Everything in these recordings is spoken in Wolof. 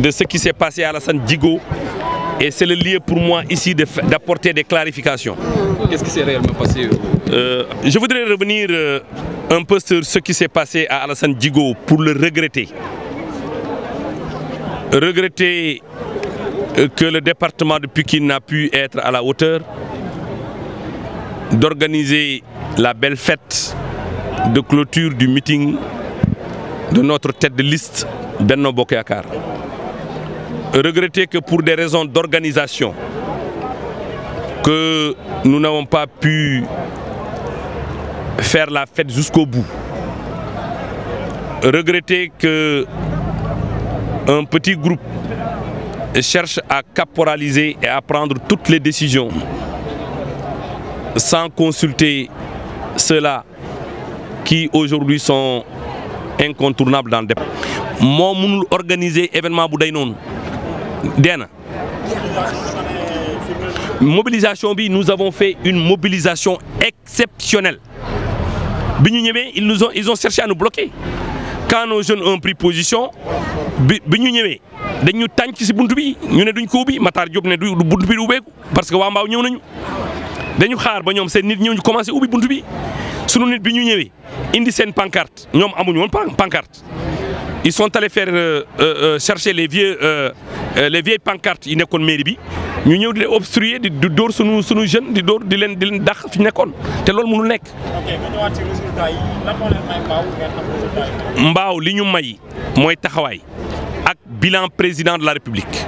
de ce qui s'est passé à Alassane Djigo Et c'est le lieu pour moi ici d'apporter des clarifications. Qu'est-ce qui s'est réellement passé euh, Je voudrais revenir euh, un peu sur ce qui s'est passé à Alassane Djigo pour le regretter. Regretter euh, que le département de Pékin n'a pu être à la hauteur d'organiser la belle fête de clôture du meeting de notre tête de liste Benno Bokyakar regretter que pour des raisons d'organisation, que nous n'avons pas pu faire la fête jusqu'au bout. Regretter que un petit groupe cherche à caporaliser et à prendre toutes les décisions sans consulter ceux-là qui aujourd'hui sont incontournables dans le débat. Moi, organiser événement Aboudainon. Diana. mobilisation nous avons fait une mobilisation exceptionnelle ils nous ont ils ont cherché à nous bloquer quand nos jeunes ont pris position ils ont ont dit dañu ci buntu Ils ont dit duñ parce que Ils Mbaaw ñëw pancarte ils sont allés faire euh, euh, euh, chercher les vieux les vieilles pancartes yi nekkoon mairie bi ñu obstruer di dor dóor suñu jeunes jeune di de di de di leen C'est fi ñu nekkoon te loolu mënul ak bilan président de la république.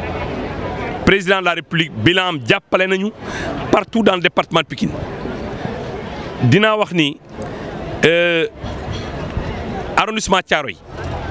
président de la république bilan am partout dans le département de Pékin. Dina wax arrondissement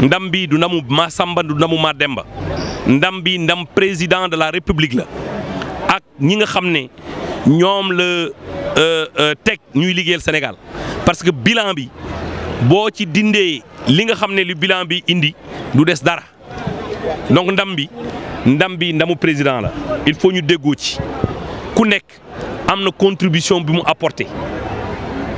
ndam bi du ndamu Masamba du ndamu Mademba ndam bi ndam président de la république la ak ñi nga ñom le euh euh teg ñuy liguel Sénégal parce que bilan bi bo ci dindé li nga xamné li bilan bi indi du dess dara donc ndam bi ndam bi ndamu président là il faut ñu déggoo ci ku nek amna contribution bi mu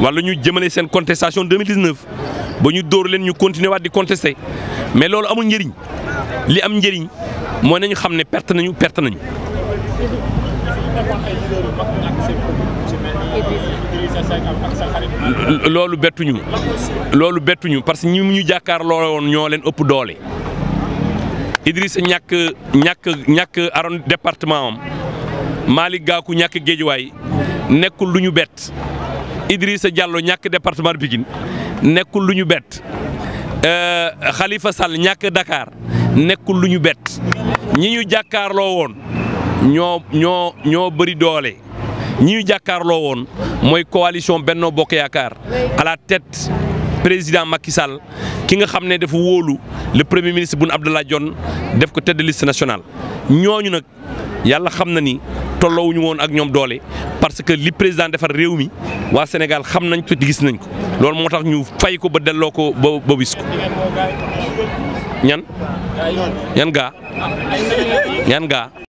wala ñu jëmele sen contestation 2019 ba ñu door leen ñu continuer wat di contester mais lolu amul ñëriñ li am ñëriñ mo nañu xamné perte nañu perte nañu. loolu bettuñu loolu bettuñu parce que ñi mu ñu jàkkaarloo woon ñoo leen ëpp doole Idriss ñak ñak ñak aron département am Malick Gakou ñak géejuwaay nekul lu ñu bett. Idrissa Diallo ñàkk département de Pikine nekkul lu ñu bett euh, Khalifa Sall ñàkk dakaar nekkul lu ñu bett ñi ñu jàkkaarloo woon ñoo ñoo ñoo bëri doole ñi ñu jàkkaarloo woon mooy coalition Benno Bokk Yaakaar à la tête président Macky Sall ki nga xam ne dafa woolu le premier ministre Boun Abdallah Dionne def ko tedd de liste ñooñu nag. yàlla xam na ni tolloowuñu woon ak ñoom doole parce que li président defar réew mi waa Sénégal xam nañ ko gis nañ ko loolu moo tax ñu fay ko ba delloo ko ba ba wis ñan yan gaa yan gaa